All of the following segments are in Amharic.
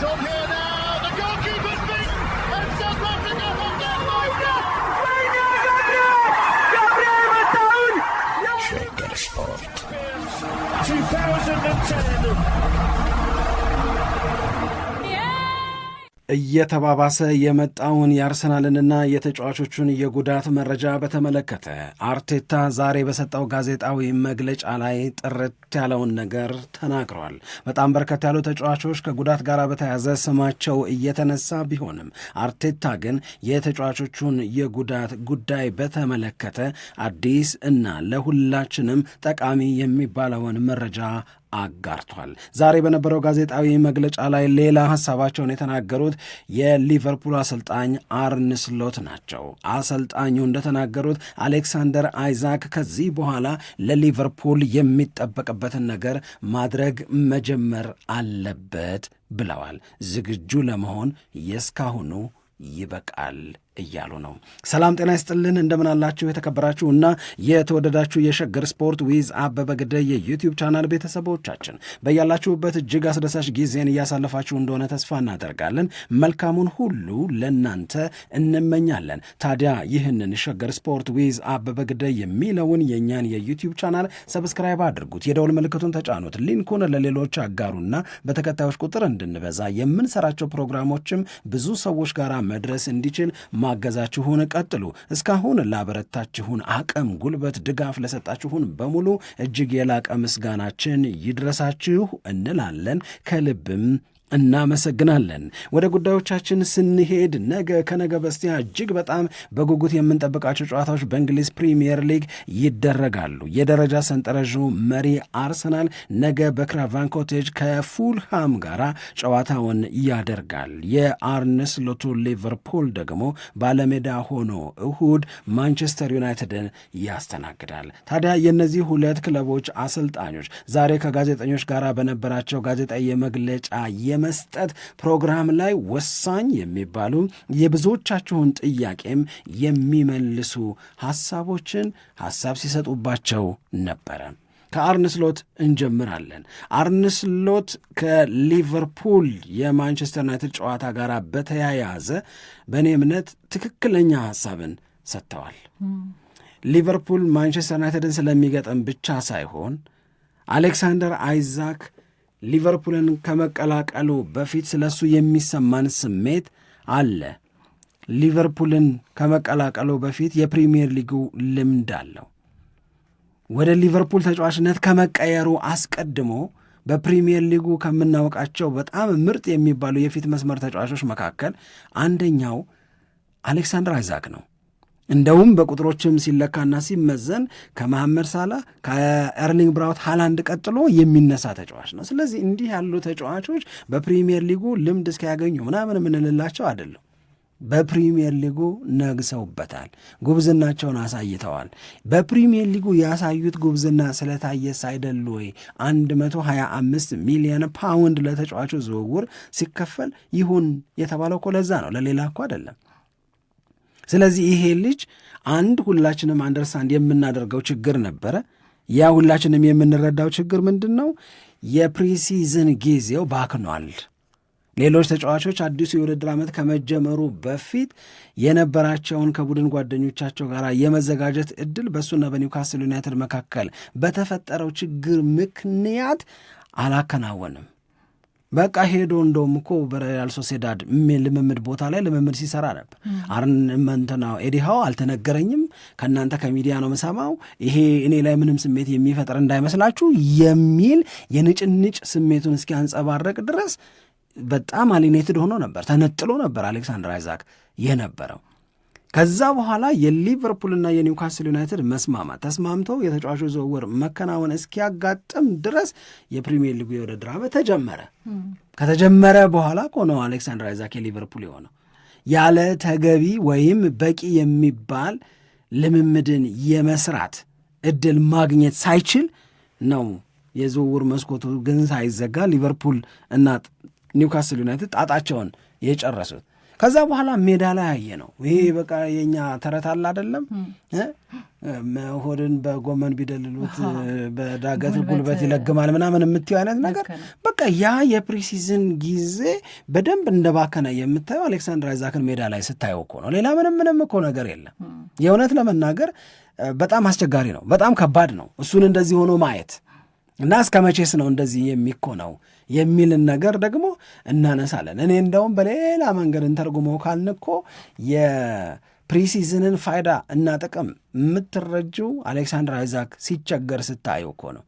Job here now. እየተባባሰ የመጣውን የአርሰናልንና የተጫዋቾቹን የጉዳት መረጃ በተመለከተ አርቴታ ዛሬ በሰጠው ጋዜጣዊ መግለጫ ላይ ጥርት ያለውን ነገር ተናግሯል። በጣም በርከት ያሉ ተጫዋቾች ከጉዳት ጋር በተያያዘ ስማቸው እየተነሳ ቢሆንም አርቴታ ግን የተጫዋቾቹን የጉዳት ጉዳይ በተመለከተ አዲስ እና ለሁላችንም ጠቃሚ የሚባለውን መረጃ አጋርቷል። ዛሬ በነበረው ጋዜጣዊ መግለጫ ላይ ሌላ ሀሳባቸውን የተናገሩት የሊቨርፑል አሰልጣኝ አርንስሎት ናቸው። አሰልጣኙ እንደተናገሩት አሌክሳንደር አይዛክ ከዚህ በኋላ ለሊቨርፑል የሚጠበቅበትን ነገር ማድረግ መጀመር አለበት ብለዋል። ዝግጁ ለመሆን የእስካሁኑ ይበቃል እያሉ ነው። ሰላም ጤና ይስጥልን፣ እንደምናላችሁ የተከበራችሁ እና የተወደዳችሁ የሸገር ስፖርት ዊዝ አበበ ግደይ የዩቲዩብ ቻናል ቤተሰቦቻችን በያላችሁበት እጅግ አስደሳች ጊዜን እያሳለፋችሁ እንደሆነ ተስፋ እናደርጋለን። መልካሙን ሁሉ ለናንተ እንመኛለን። ታዲያ ይህንን ሸገር ስፖርት ዊዝ አበበ ግደይ የሚለውን የእኛን የዩቲዩብ ቻናል ሰብስክራይብ አድርጉት፣ የደውል ምልክቱን ተጫኑት፣ ሊንኩን ለሌሎች አጋሩና በተከታዮች ቁጥር እንድንበዛ የምንሰራቸው ፕሮግራሞችም ብዙ ሰዎች ጋር መድረስ እንዲችል ማ ማገዛችሁን ቀጥሉ። እስካሁን ላበረታችሁን አቅም፣ ጉልበት፣ ድጋፍ ለሰጣችሁን በሙሉ እጅግ የላቀ ምስጋናችን ይድረሳችሁ እንላለን ከልብም እናመሰግናለን። ወደ ጉዳዮቻችን ስንሄድ ነገ ከነገ በስቲያ እጅግ በጣም በጉጉት የምንጠብቃቸው ጨዋታዎች በእንግሊዝ ፕሪምየር ሊግ ይደረጋሉ። የደረጃ ሰንጠረዡ መሪ አርሰናል ነገ በክራቫን ኮቴጅ ከፉልሃም ጋር ጨዋታውን ያደርጋል። የአርነ ሎቱ ሊቨርፑል ደግሞ ባለሜዳ ሆኖ እሁድ ማንቸስተር ዩናይትድን ያስተናግዳል። ታዲያ የእነዚህ ሁለት ክለቦች አሰልጣኞች ዛሬ ከጋዜጠኞች ጋር በነበራቸው ጋዜጣዊ የመግለጫ የመስጠት ፕሮግራም ላይ ወሳኝ የሚባሉ የብዙዎቻችሁን ጥያቄም የሚመልሱ ሐሳቦችን ሐሳብ ሲሰጡባቸው ነበረ። ከአርንስሎት እንጀምራለን። አርንስሎት ከሊቨርፑል የማንቸስተር ዩናይትድ ጨዋታ ጋር በተያያዘ በእኔ እምነት ትክክለኛ ሐሳብን ሰጥተዋል። ሊቨርፑል ማንቸስተር ዩናይትድን ስለሚገጥም ብቻ ሳይሆን አሌክሳንደር አይዛክ ሊቨርፑልን ከመቀላቀሉ በፊት ስለሱ የሚሰማን ስሜት አለ። ሊቨርፑልን ከመቀላቀሉ በፊት የፕሪምየር ሊጉ ልምድ አለው። ወደ ሊቨርፑል ተጫዋችነት ከመቀየሩ አስቀድሞ በፕሪምየር ሊጉ ከምናውቃቸው በጣም ምርጥ የሚባሉ የፊት መስመር ተጫዋቾች መካከል አንደኛው አሌክሳንደር አይዛክ ነው። እንደውም በቁጥሮችም ሲለካና ሲመዘን ከመሐመድ ሳላ ከኤርሊንግ ብራውት ሃላንድ ቀጥሎ የሚነሳ ተጫዋች ነው። ስለዚህ እንዲህ ያሉ ተጫዋቾች በፕሪሚየር ሊጉ ልምድ እስኪያገኙ ምናምን የምንልላቸው አይደለም። በፕሪሚየር ሊጉ ነግሰውበታል። ጉብዝናቸውን አሳይተዋል። በፕሪሚየር ሊጉ ያሳዩት ጉብዝና ስለታየስ አይደል ወይ 125 ሚሊዮን ፓውንድ ለተጫዋቹ ዝውውር ሲከፈል ይሁን የተባለው እኮ ለዛ ነው፣ ለሌላ እኮ አይደለም። ስለዚህ ይሄ ልጅ አንድ ሁላችንም አንደርስታንድ የምናደርገው ችግር ነበረ። ያ ሁላችንም የምንረዳው ችግር ምንድን ነው? የፕሪሲዝን ጊዜው ባክኗል። ሌሎች ተጫዋቾች አዲሱ የውድድር ዓመት ከመጀመሩ በፊት የነበራቸውን ከቡድን ጓደኞቻቸው ጋር የመዘጋጀት እድል በእሱና በኒውካስል ዩናይትድ መካከል በተፈጠረው ችግር ምክንያት አላከናወንም። በቃ ሄዶ እንደውም እኮ በሪያል ሶሴዳድ ልምምድ ቦታ ላይ ልምምድ ሲሰራ ነበር። አርን እንትና ኤዲሃው አልተነገረኝም፣ ከእናንተ ከሚዲያ ነው የምሰማው፣ ይሄ እኔ ላይ ምንም ስሜት የሚፈጥር እንዳይመስላችሁ የሚል የንጭንጭ ስሜቱን እስኪያንጸባረቅ ድረስ በጣም አሊኔትድ ሆኖ ነበር፣ ተነጥሎ ነበር አሌክሳንደር አይዛክ የነበረው ከዛ በኋላ የሊቨርፑልና የኒውካስል ዩናይትድ መስማማት ተስማምተው የተጫዋቹ ዝውውር መከናወን እስኪያጋጥም ድረስ የፕሪሚየር ሊጉ የውድድር ዓመት ተጀመረ። ከተጀመረ በኋላ ኮኖ አሌክሳንደር አይዛክ የሊቨርፑል የሆነው ያለ ተገቢ ወይም በቂ የሚባል ልምምድን የመስራት እድል ማግኘት ሳይችል ነው የዝውውር መስኮቱ ግን ሳይዘጋ ሊቨርፑል እና ኒውካስል ዩናይትድ ጣጣቸውን የጨረሱት። ከዛ በኋላ ሜዳ ላይ አየ ነው። ይሄ በቃ የኛ ተረት አለ አደለም፣ ሆድን በጎመን ቢደልሉት በዳገት ጉልበት ይለግማል ምናምን የምትየው አይነት ነገር በቃ ያ የፕሪሲዝን ጊዜ በደንብ እንደባከነ የምታየው አሌክሳንድር አይዛክን ሜዳ ላይ ስታየው እኮ ነው። ሌላ ምንም ምንም እኮ ነገር የለም። የእውነት ለመናገር በጣም አስቸጋሪ ነው። በጣም ከባድ ነው እሱን እንደዚህ ሆኖ ማየት እና እስከ መቼስ ነው እንደዚህ የሚኮነው? የሚልን ነገር ደግሞ እናነሳለን። እኔ እንደውም በሌላ መንገድ እንተርጉመው ካልንኮ የፕሪሲዝንን ፋይዳ እና ጥቅም የምትረጅው አሌክሳንድር አይዛክ ሲቸገር ስታዩ እኮ ነው።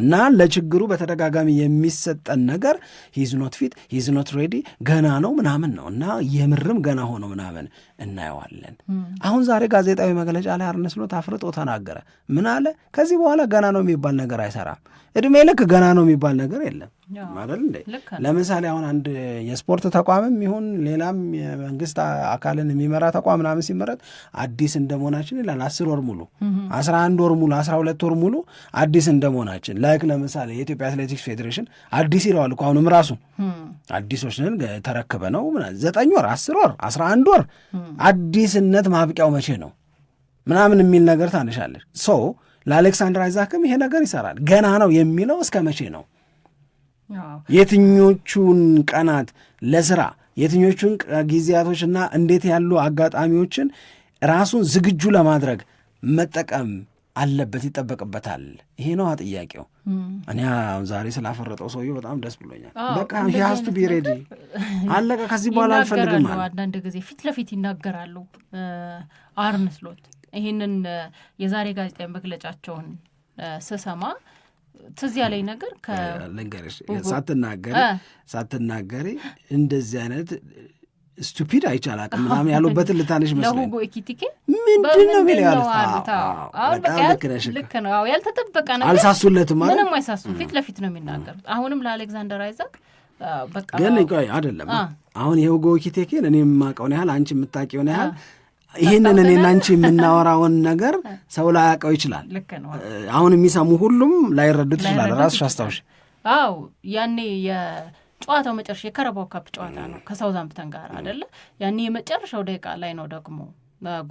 እና ለችግሩ በተደጋጋሚ የሚሰጠን ነገር ሂዝ ኖት ፊት ሂዝ ኖት ሬዲ ገና ነው ምናምን ነው እና የምርም ገና ሆኖ ምናምን እናየዋለን። አሁን ዛሬ ጋዜጣዊ መግለጫ ላይ አርነ ስሎት አፍርጦ ተናገረ። ምን አለ? ከዚህ በኋላ ገና ነው የሚባል ነገር አይሰራም። እድሜ ልክ ገና ነው የሚባል ነገር የለም ማለት እንዴ። ለምሳሌ አሁን አንድ የስፖርት ተቋምም ይሁን ሌላም የመንግስት አካልን የሚመራ ተቋም ምናምን ሲመረጥ አዲስ እንደመሆናችን ይላል አስሩ አስር ወር ሙሉ አስራ አንድ ወር ሙሉ አስራ ሁለት ወር ሙሉ አዲስ እንደመሆናችን ላይክ ለምሳሌ የኢትዮጵያ አትሌቲክስ ፌዴሬሽን አዲስ ይለዋል እኮ አሁንም ራሱ አዲሶች ነን ተረክበ ነው ዘጠኝ ወር አስር ወር አስራ አንድ ወር አዲስነት ማብቂያው መቼ ነው ምናምን የሚል ነገር ታነሻለች። ሶ ለአሌክሳንደር አይዛክም ይሄ ነገር ይሰራል። ገና ነው የሚለው እስከ መቼ ነው? የትኞቹን ቀናት ለስራ የትኞቹን ጊዜያቶችና እንዴት ያሉ አጋጣሚዎችን ራሱን ዝግጁ ለማድረግ መጠቀም አለበት ይጠበቅበታል። ይሄ ነው ጥያቄው። እኔ ዛሬ ስላፈረጠው ሰውዬ በጣም ደስ ብሎኛል። በቃ ሀስቱ ቢሬዲ አለቀ። ከዚህ በኋላ አልፈልግም። አንዳንድ ጊዜ ፊት ለፊት ይናገራሉ አር ምስሎት ይህንን የዛሬ ጋዜጣዊ መግለጫቸውን ስሰማ ትዝ ያለኝ ነገር ልንገርሽ፣ ሳትናገሪ ሳትናገሪ እንደዚህ አይነት ስቱፒድ አይቻል አቅም ምናምን ያሉበትን ልታነሽ መስለኝ ምንድን ነው የሚለው ያሉት። ልክ ነሽ፣ ልክ ነው። ያልተጠበቀ ነገር አልሳሱለትም፣ ምንም ፊት ለፊት ነው የሚናገሩት። አሁንም ለአሌክዛንደር አይዛክ ግን ቆይ አይደለም። አሁን የሁጎ እኔ የማውቀውን ያህል አንቺ የምታውቂውን ያህል ይህንን እኔና አንቺ የምናወራውን ነገር ሰው ላያውቀው ይችላል። አሁን የሚሰሙ ሁሉም ላይረዱት ይችላል። ራስሽ አስታውሽ። አዎ ያኔ ጨዋታው መጨረሻ የከረባው ካፕ ጨዋታ ነው ከሳውዛምፕተን ጋር አደለ። ያኔ የመጨረሻው ደቂቃ ላይ ነው ደግሞ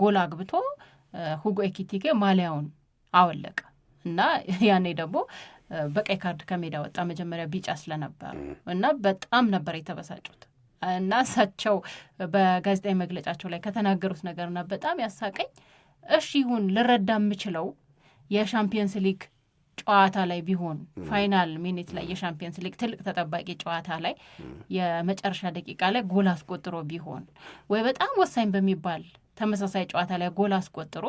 ጎል አግብቶ ሁጎ ኤኪቲኬ ማሊያውን አወለቀ እና ያኔ ደግሞ በቀይ ካርድ ከሜዳ ወጣ። መጀመሪያ ቢጫ ስለነበረ እና በጣም ነበር የተበሳጩት እና እሳቸው በጋዜጣዊ መግለጫቸው ላይ ከተናገሩት ነገርና በጣም ያሳቀኝ እሺ ይሁን ልረዳ የምችለው የሻምፒየንስ ሊግ ጨዋታ ላይ ቢሆን ፋይናል ሚኒት ላይ የሻምፒየንስ ሊግ ትልቅ ተጠባቂ ጨዋታ ላይ የመጨረሻ ደቂቃ ላይ ጎል አስቆጥሮ ቢሆን ወይ በጣም ወሳኝ በሚባል ተመሳሳይ ጨዋታ ላይ ጎል አስቆጥሮ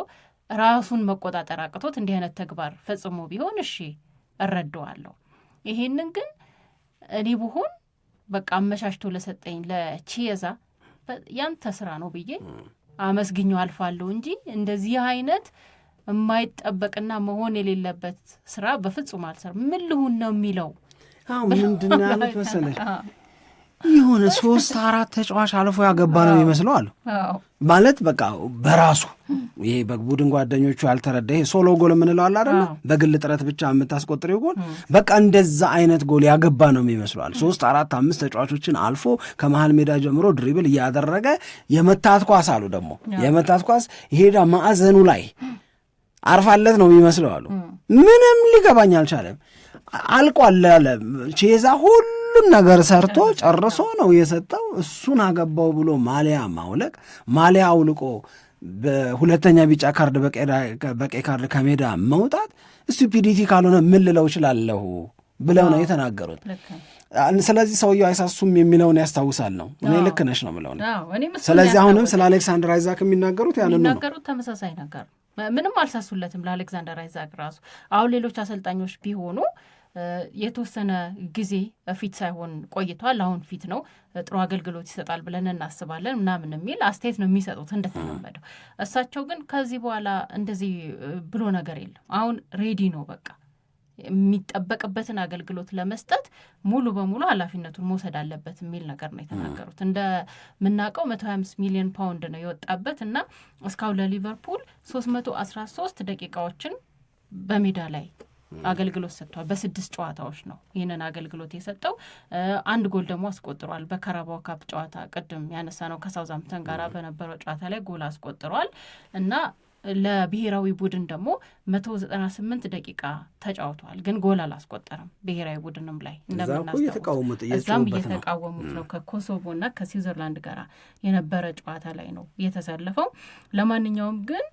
ራሱን መቆጣጠር አቅቶት እንዲህ አይነት ተግባር ፈጽሞ ቢሆን እሺ እረዳዋለሁ። ይሄንን ግን እኔ ብሆን በቃ አመሻሽቶ ለሰጠኝ ለቺየዛ ያንተ ስራ ነው ብዬ አመስግኘው አልፋለሁ እንጂ እንደዚህ አይነት የማይጠበቅና መሆን የሌለበት ስራ በፍጹም አልሰርም። ምን ልሁን ነው የሚለው አሁ ምንድን ነው ያሉት መሰለሽ የሆነ ሶስት አራት ተጫዋች አልፎ ያገባ ነው የሚመስለው አሉ። ማለት በቃ በራሱ ይሄ በቡድን ጓደኞቹ ያልተረዳ ይሄ ሶሎ ጎል የምንለው አለ አደለ? በግል ጥረት ብቻ የምታስቆጥሪው ጎል በቃ እንደዛ አይነት ጎል ያገባ ነው የሚመስለዋል። ሶስት አራት አምስት ተጫዋቾችን አልፎ ከመሀል ሜዳ ጀምሮ ድሪብል እያደረገ የመታት ኳስ አሉ ደግሞ የመታት ኳስ ይሄዳ ማዕዘኑ ላይ አርፋለት ነው የሚመስለው አሉ። ምንም ሊገባኝ አልቻለም። አልቋል አለ ቼዛ ሁሉም ነገር ሰርቶ ጨርሶ ነው የሰጠው። እሱን አገባው ብሎ ማሊያ ማውለቅ ማሊያ አውልቆ በሁለተኛ ቢጫ ካርድ በቀይ ካርድ ከሜዳ መውጣት ስቱፒዲቲ ካልሆነ ምን ልለው እችላለሁ ብለው ነው የተናገሩት። ስለዚህ ሰውየው አይሳሱም የሚለውን ያስታውሳል ነው። እኔ ልክ ነሽ ነው የምለው። ስለዚህ አሁንም ስለ አሌክሳንደር አይዛክ የሚናገሩት ያንኑ ነው። ተመሳሳይ ነገር ምንም አልሳሱለትም ለአሌክዛንደር አይዛክ ራሱ። አሁን ሌሎች አሰልጣኞች ቢሆኑ የተወሰነ ጊዜ ፊት ሳይሆን ቆይቷል፣ አሁን ፊት ነው፣ ጥሩ አገልግሎት ይሰጣል ብለን እናስባለን ምናምን የሚል አስተያየት ነው የሚሰጡት እንደተለመደው። እሳቸው ግን ከዚህ በኋላ እንደዚህ ብሎ ነገር የለም አሁን ሬዲ ነው በቃ የሚጠበቅበትን አገልግሎት ለመስጠት ሙሉ በሙሉ ኃላፊነቱን መውሰድ አለበት የሚል ነገር ነው የተናገሩት። እንደምናውቀው መቶ ሀያ አምስት ሚሊዮን ፓውንድ ነው የወጣበት እና እስካሁን ለሊቨርፑል ሶስት መቶ አስራ ሶስት ደቂቃዎችን በሜዳ ላይ አገልግሎት ሰጥቷል። በስድስት ጨዋታዎች ነው ይህንን አገልግሎት የሰጠው። አንድ ጎል ደግሞ አስቆጥሯል። በካራባው ካፕ ጨዋታ ቅድም ያነሳ ነው ከሳውዛምተን ጋር በነበረው ጨዋታ ላይ ጎል አስቆጥሯል እና ለብሔራዊ ቡድን ደግሞ መቶ ዘጠና ስምንት ደቂቃ ተጫውተዋል፣ ግን ጎል አላስቆጠረም። ብሔራዊ ቡድንም ላይ እዛም እየተቃወሙት ነው። ከኮሶቮና ከስዊዘርላንድ ጋር የነበረ ጨዋታ ላይ ነው የተሰለፈው። ለማንኛውም ግን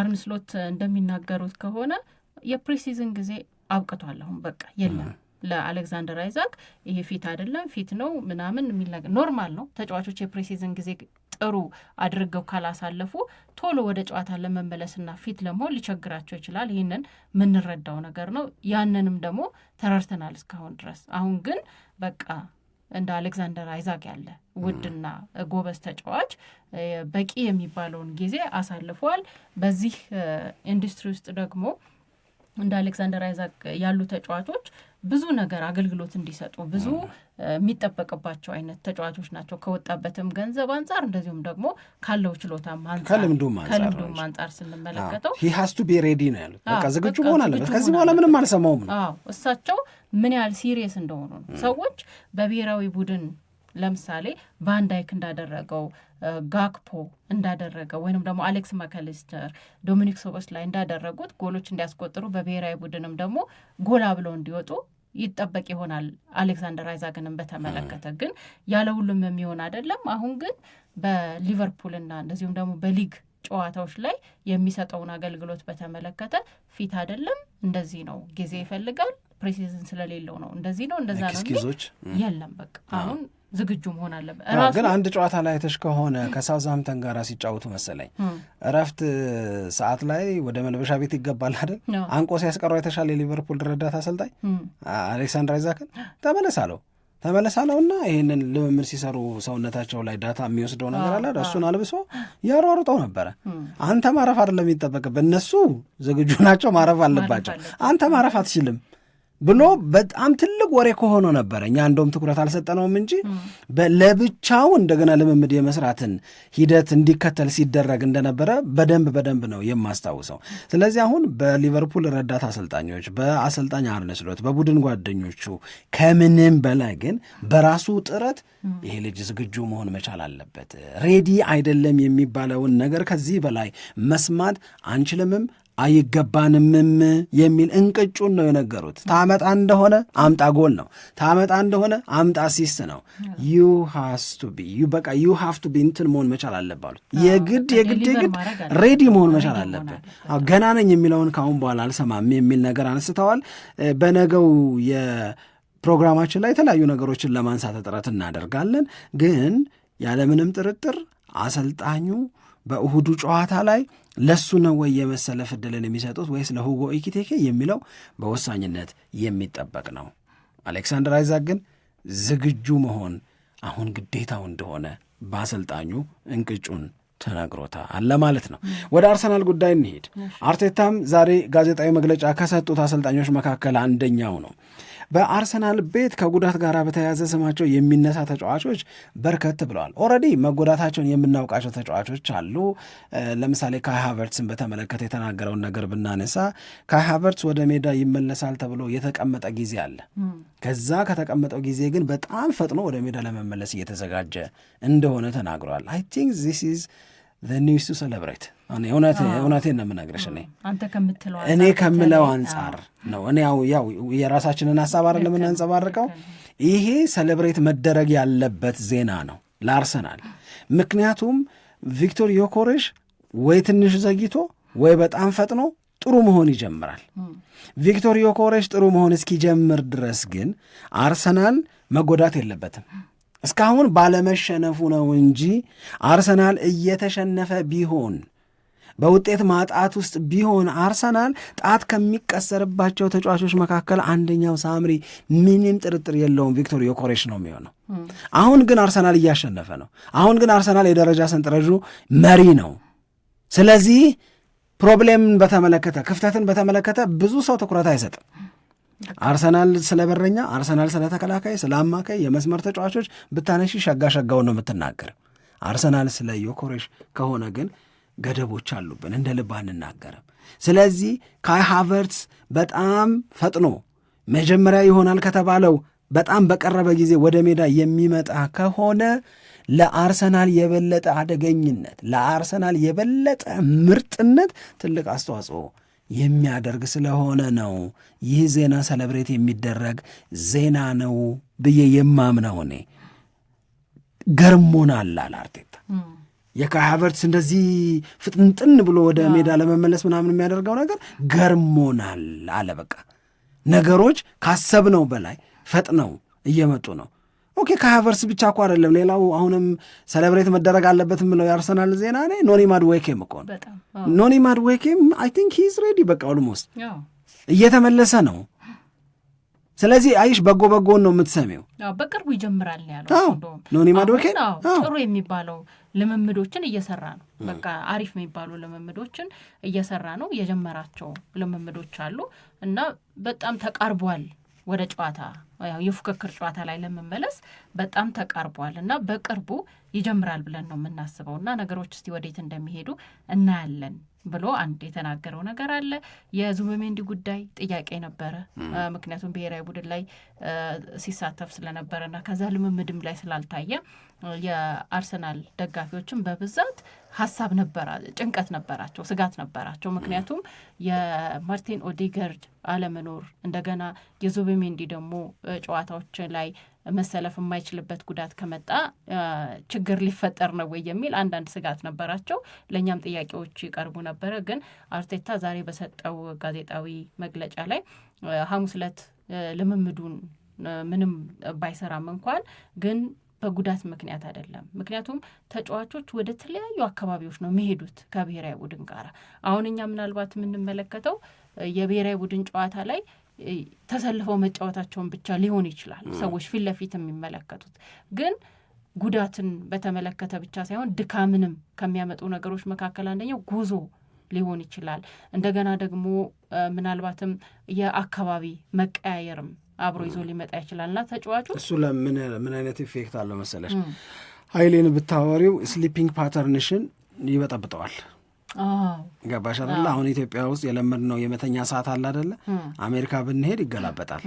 አርንስሎት እንደሚናገሩት ከሆነ የፕሪሲዝን ጊዜ አብቅቷል። አሁን በቃ የለም ለአሌክዛንደር አይዛክ ይሄ ፊት አይደለም ፊት ነው ምናምን የሚል ኖርማል ነው። ተጫዋቾች የፕሬሲዝን ጊዜ ጥሩ አድርገው ካላሳለፉ ቶሎ ወደ ጨዋታ ለመመለስና ፊት ለመሆን ሊቸግራቸው ይችላል። ይህንን የምንረዳው ነገር ነው። ያንንም ደግሞ ተረድተናል እስካሁን ድረስ። አሁን ግን በቃ እንደ አሌክዛንደር አይዛክ ያለ ውድና ጎበዝ ተጫዋች በቂ የሚባለውን ጊዜ አሳልፏል። በዚህ ኢንዱስትሪ ውስጥ ደግሞ እንደ አሌክሳንደር አይዛክ ያሉ ተጫዋቾች ብዙ ነገር አገልግሎት እንዲሰጡ ብዙ የሚጠበቅባቸው አይነት ተጫዋቾች ናቸው። ከወጣበትም ገንዘብ አንጻር እንደዚሁም ደግሞ ካለው ችሎታም አንጻር ከልምዱም አንጻር ስንመለከተው ቤ ሬዲ ነው ያሉት። በቃ ዝግጁ መሆን አለበት። ከዚህ በኋላ ምንም አልሰማውም ነው እሳቸው ምን ያህል ሲሪየስ እንደሆኑ ነው። ሰዎች በብሔራዊ ቡድን ለምሳሌ ቫንዳይክ እንዳደረገው ጋክፖ እንዳደረገው ወይንም ደግሞ አሌክስ መካሊስተር ዶሚኒክ ሶቦስ ላይ እንዳደረጉት ጎሎች እንዲያስቆጥሩ በብሔራዊ ቡድንም ደግሞ ጎላ ብለው እንዲወጡ ይጠበቅ ይሆናል። አሌክዛንደር አይዛግንም በተመለከተ ግን ያለ ሁሉም የሚሆን አይደለም። አሁን ግን በሊቨርፑልና እንደዚሁም ደግሞ በሊግ ጨዋታዎች ላይ የሚሰጠውን አገልግሎት በተመለከተ ፊት አይደለም። እንደዚህ ነው፣ ጊዜ ይፈልጋል። ፕሬሲዝን ስለሌለው ነው። እንደዚህ ነው፣ እንደዛ ነው። የለም በቃ አሁን ዝግጁ መሆን አለበት። ግን አንድ ጨዋታ ላይ ተሽ ከሆነ ከሳውዝሃምተን ጋር ሲጫወቱ መሰለኝ እረፍት ሰዓት ላይ ወደ መልበሻ ቤት ይገባል አይደል? አንቆ ሲያስቀረው የተሻለ የሊቨርፑል ረዳት አሰልጣኝ አሌክሳንድር አይዛክን ተመለስ አለው ተመለስ አለው እና ይህንን ልምምድ ሲሰሩ ሰውነታቸው ላይ ዳታ የሚወስደው ነገር አለ። እሱን አልብሶ ያሯሩጠው ነበረ። አንተ ማረፍ አይደለም የሚጠበቅብህ። እነሱ ዝግጁ ናቸው፣ ማረፍ አለባቸው። አንተ ማረፍ አትችልም። ብሎ በጣም ትልቅ ወሬ ከሆኖ ነበረ። እኛ እንደውም ትኩረት አልሰጠነውም እንጂ ለብቻው እንደገና ልምምድ የመስራትን ሂደት እንዲከተል ሲደረግ እንደነበረ በደንብ በደንብ ነው የማስታውሰው። ስለዚህ አሁን በሊቨርፑል ረዳት አሰልጣኞች፣ በአሰልጣኝ አርነ ስሎት፣ በቡድን ጓደኞቹ ከምንም በላይ ግን በራሱ ጥረት ይሄ ልጅ ዝግጁ መሆን መቻል አለበት። ሬዲ አይደለም የሚባለውን ነገር ከዚህ በላይ መስማት አንችልምም አይገባንምም የሚል እንቅጩን ነው የነገሩት። ታመጣ እንደሆነ አምጣ ጎል ነው፣ ታመጣ እንደሆነ አምጣ አሲስት ነው። ዩ ቱ ቢ በቃ ዩ ቱ ቢ እንትን መሆን መቻል አለባሉ። የግድ የግድ የግድ ሬዲ መሆን መቻል አለብን። ገና ነኝ የሚለውን ከአሁን በኋላ አልሰማም የሚል ነገር አንስተዋል። በነገው የፕሮግራማችን ላይ የተለያዩ ነገሮችን ለማንሳት እጥረት እናደርጋለን። ግን ያለምንም ጥርጥር አሰልጣኙ በእሁዱ ጨዋታ ላይ ለሱ ነው ወይ የመሰለፍ ዕድልን የሚሰጡት ወይስ ለሁጎ ኢኪቴኬ የሚለው በወሳኝነት የሚጠበቅ ነው። አሌክሳንደር አይዛክ ግን ዝግጁ መሆን አሁን ግዴታው እንደሆነ በአሰልጣኙ እንቅጩን ተነግሮታል ለማለት ነው። ወደ አርሰናል ጉዳይ እንሄድ። አርቴታም ዛሬ ጋዜጣዊ መግለጫ ከሰጡት አሰልጣኞች መካከል አንደኛው ነው። በአርሰናል ቤት ከጉዳት ጋር በተያያዘ ስማቸው የሚነሳ ተጫዋቾች በርከት ብለዋል። ኦልሬዲ መጎዳታቸውን የምናውቃቸው ተጫዋቾች አሉ። ለምሳሌ ካይ ሃቨርትስን በተመለከተ የተናገረውን ነገር ብናነሳ ካይ ሃቨርትስ ወደ ሜዳ ይመለሳል ተብሎ የተቀመጠ ጊዜ አለ። ከዛ ከተቀመጠው ጊዜ ግን በጣም ፈጥኖ ወደ ሜዳ ለመመለስ እየተዘጋጀ እንደሆነ ተናግሯል። አይ ቲንክ ዚስ ኢዝ ኒውስ ሰለብሬት እውነቴ ነው የምነግርሽ። እኔ እኔ ከምለው አንጻር ነው እኔ ያው የራሳችንን ሀሳብ አይደለም የምናንጸባርቀው። ይሄ ሰለብሬት መደረግ ያለበት ዜና ነው ለአርሰናል። ምክንያቱም ቪክቶር ዮኮሬሽ ወይ ትንሽ ዘግይቶ ወይ በጣም ፈጥኖ ጥሩ መሆን ይጀምራል። ቪክቶር ዮኮሬሽ ጥሩ መሆን እስኪጀምር ድረስ ግን አርሰናል መጎዳት የለበትም። እስካሁን ባለመሸነፉ ነው እንጂ አርሰናል እየተሸነፈ ቢሆን በውጤት ማጣት ውስጥ ቢሆን አርሰናል ጣት ከሚቀሰርባቸው ተጫዋቾች መካከል አንደኛው ሳምሪ ምንም ጥርጥር የለውም ቪክቶር ዮኬሬሽ ነው የሚሆነው። አሁን ግን አርሰናል እያሸነፈ ነው። አሁን ግን አርሰናል የደረጃ ሰንጠረዡ መሪ ነው። ስለዚህ ፕሮብሌምን በተመለከተ ክፍተትን በተመለከተ ብዙ ሰው ትኩረት አይሰጥም። አርሰናል ስለ በረኛ፣ አርሰናል ስለ ተከላካይ፣ ስለ አማካይ፣ የመስመር ተጫዋቾች ብታነሺ ሸጋ ሸጋውን ነው የምትናገር። አርሰናል ስለ ዮኮሬሽ ከሆነ ግን ገደቦች አሉብን፣ እንደ ልብ አንናገርም። ስለዚህ ካይ ሃቨርትስ በጣም ፈጥኖ መጀመሪያ ይሆናል ከተባለው በጣም በቀረበ ጊዜ ወደ ሜዳ የሚመጣ ከሆነ ለአርሰናል የበለጠ አደገኝነት፣ ለአርሰናል የበለጠ ምርጥነት ትልቅ አስተዋጽኦ የሚያደርግ ስለሆነ ነው ይህ ዜና ሰለብሬት የሚደረግ ዜና ነው ብዬ የማምነው እኔ። ገርሞናል አለ አርቴታ። የካይ ሃቨርትስ እንደዚህ ፍጥንጥን ብሎ ወደ ሜዳ ለመመለስ ምናምን የሚያደርገው ነገር ገርሞናል አለ። በቃ ነገሮች ካሰብነው በላይ ፈጥነው እየመጡ ነው። ኦኬ ከሃቨርስ ብቻ እኮ አይደለም። ሌላው አሁንም ሰለብሬት መደረግ አለበት የምለው የአርሰናል ዜና እኔ ኖኒ ማድዌኬም እኮ ነው። ኖኒ ማድዌኬም አይ ቲንክ ሂዝ ሬዲ በቃ ኦልሞስት እየተመለሰ ነው። ስለዚህ አይሽ በጎ በጎን ነው የምትሰሚው። በቅርቡ ይጀምራል ያለው ኖኒ ማድዌኬ ጥሩ የሚባለው ልምምዶችን እየሰራ ነው። በቃ አሪፍ የሚባሉ ልምምዶችን እየሰራ ነው። የጀመራቸው ልምምዶች አሉ እና በጣም ተቃርቧል ወደ ጨዋታ ያው የፉክክር ጨዋታ ላይ ለመመለስ በጣም ተቃርቧል እና በቅርቡ ይጀምራል ብለን ነው የምናስበው እና ነገሮች እስቲ ወዴት እንደሚሄዱ እናያለን ብሎ አንድ የተናገረው ነገር አለ። የዙቢሜንዲ ጉዳይ ጥያቄ ነበረ። ምክንያቱም ብሔራዊ ቡድን ላይ ሲሳተፍ ስለነበረ እና ከዛ ልምምድም ላይ ስላልታየ የአርሰናል ደጋፊዎችን በብዛት ሀሳብ ነበራ ጭንቀት ነበራቸው፣ ስጋት ነበራቸው። ምክንያቱም የማርቲን ኦዴገርድ አለመኖር እንደገና የዙቢሜንዲ ደግሞ ጨዋታዎች ላይ መሰለፍ የማይችልበት ጉዳት ከመጣ ችግር ሊፈጠር ነው ወይ የሚል አንዳንድ ስጋት ነበራቸው። ለእኛም ጥያቄዎች ይቀርቡ ነበረ። ግን አርቴታ ዛሬ በሰጠው ጋዜጣዊ መግለጫ ላይ ሐሙስ ዕለት ልምምዱን ምንም ባይሰራም እንኳን ግን በጉዳት ምክንያት አይደለም። ምክንያቱም ተጫዋቾች ወደ ተለያዩ አካባቢዎች ነው የሚሄዱት ከብሔራዊ ቡድን ጋር። አሁን እኛ ምናልባት የምንመለከተው የብሔራዊ ቡድን ጨዋታ ላይ ተሰልፈው መጫወታቸውን ብቻ ሊሆን ይችላል ሰዎች ፊት ለፊት የሚመለከቱት ግን ጉዳትን በተመለከተ ብቻ ሳይሆን ድካምንም ከሚያመጡ ነገሮች መካከል አንደኛው ጉዞ ሊሆን ይችላል። እንደገና ደግሞ ምናልባትም የአካባቢ መቀያየርም አብሮ ይዞ ሊመጣ ይችላል እና ተጫዋቹ እሱ ለምን ምን አይነት ኢፌክት አለው መሰለሽ ሀይሌን ብታወሪው ስሊፒንግ ፓተርንሽን ይበጠብጠዋል። ገባሽ አይደለ? አሁን ኢትዮጵያ ውስጥ የለመድነው የመተኛ ሰዓት አለ አይደለ? አሜሪካ ብንሄድ ይገላበጣል።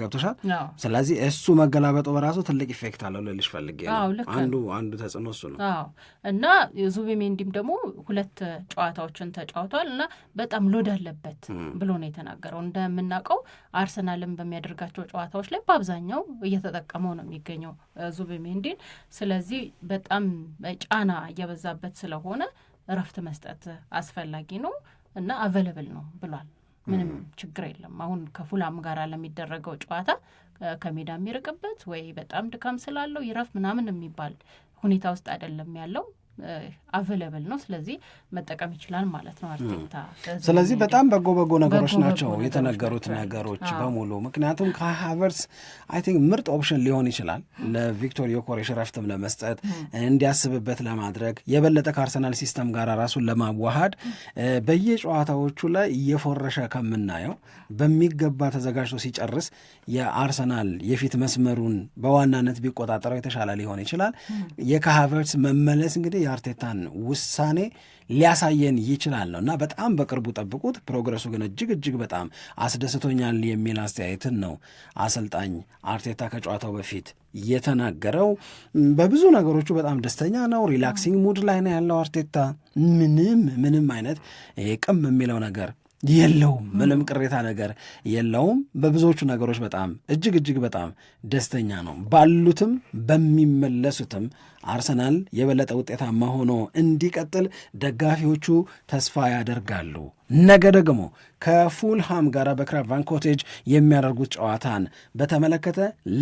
ገብቶሻል። ስለዚህ እሱ መገላበጡ በራሱ ትልቅ ኢፌክት አለው ልልሽ ፈልጌ ነው። አንዱ አንዱ ተጽዕኖ እሱ ነው እና ዙቢሜንዲም ደግሞ ሁለት ጨዋታዎችን ተጫውቷል እና በጣም ሎድ አለበት ብሎ ነው የተናገረው። እንደምናውቀው አርሰናልን በሚያደርጋቸው ጨዋታዎች ላይ በአብዛኛው እየተጠቀመው ነው የሚገኘው ዙቢሜንዲን። ስለዚህ በጣም ጫና እየበዛበት ስለሆነ እረፍት መስጠት አስፈላጊ ነው እና አቬለብል ነው ብሏል። ምንም ችግር የለም። አሁን ከፉላም ጋር ለሚደረገው ጨዋታ ከሜዳ የሚርቅበት ወይ በጣም ድካም ስላለው ይረፍ ምናምን የሚባል ሁኔታ ውስጥ አይደለም ያለው አቬለብል ነው። ስለዚህ መጠቀም ይችላል ማለት ነው አርቴታ። ስለዚህ በጣም በጎ በጎ ነገሮች ናቸው የተነገሩት ነገሮች በሙሉ ምክንያቱም ከሀቨርስ አይ ቲንክ ምርጥ ኦፕሽን ሊሆን ይችላል ለቪክቶር ዮኮሬሽ ረፍትም ለመስጠት እንዲያስብበት ለማድረግ የበለጠ ከአርሰናል ሲስተም ጋር ራሱን ለማዋሃድ በየጨዋታዎቹ ላይ እየፎረሸ ከምናየው በሚገባ ተዘጋጅቶ ሲጨርስ የአርሰናል የፊት መስመሩን በዋናነት ቢቆጣጠረው የተሻለ ሊሆን ይችላል። የከሀቨርስ መመለስ እንግዲህ የአርቴታን ውሳኔ ሊያሳየን ይችላል ነው እና በጣም በቅርቡ ጠብቁት። ፕሮግረሱ ግን እጅግ እጅግ በጣም አስደስቶኛል የሚል አስተያየትን ነው አሰልጣኝ አርቴታ ከጨዋታው በፊት የተናገረው። በብዙ ነገሮቹ በጣም ደስተኛ ነው። ሪላክሲንግ ሙድ ላይ ነው ያለው አርቴታ። ምንም ምንም አይነት ቅም የሚለው ነገር የለውም ምንም ቅሬታ ነገር የለውም። በብዙዎቹ ነገሮች በጣም እጅግ እጅግ በጣም ደስተኛ ነው። ባሉትም በሚመለሱትም አርሰናል የበለጠ ውጤታማ ሆኖ እንዲቀጥል ደጋፊዎቹ ተስፋ ያደርጋሉ። ነገ ደግሞ ከፉልሃም ጋር በክራቫን ኮቴጅ የሚያደርጉት ጨዋታን በተመለከተ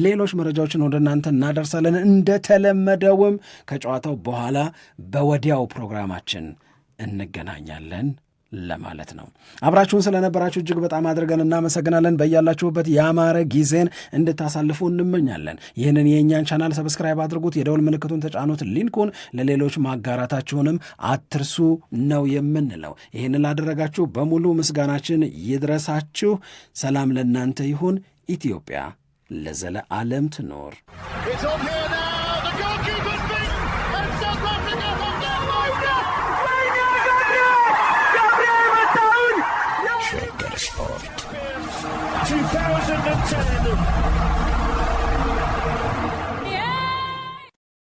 ሌሎች መረጃዎችን ወደ እናንተ እናደርሳለን። እንደተለመደውም ከጨዋታው በኋላ በወዲያው ፕሮግራማችን እንገናኛለን። ለማለት ነው። አብራችሁን ስለነበራችሁ እጅግ በጣም አድርገን እናመሰግናለን። በያላችሁበት የአማረ ጊዜን እንድታሳልፉ እንመኛለን። ይህንን የእኛን ቻናል ሰብስክራይብ አድርጉት፣ የደውል ምልክቱን ተጫኑት፣ ሊንኩን ለሌሎች ማጋራታችሁንም አትርሱ ነው የምንለው። ይህንን ላደረጋችሁ በሙሉ ምስጋናችን ይድረሳችሁ። ሰላም ለእናንተ ይሁን። ኢትዮጵያ ለዘለዓለም ትኖር።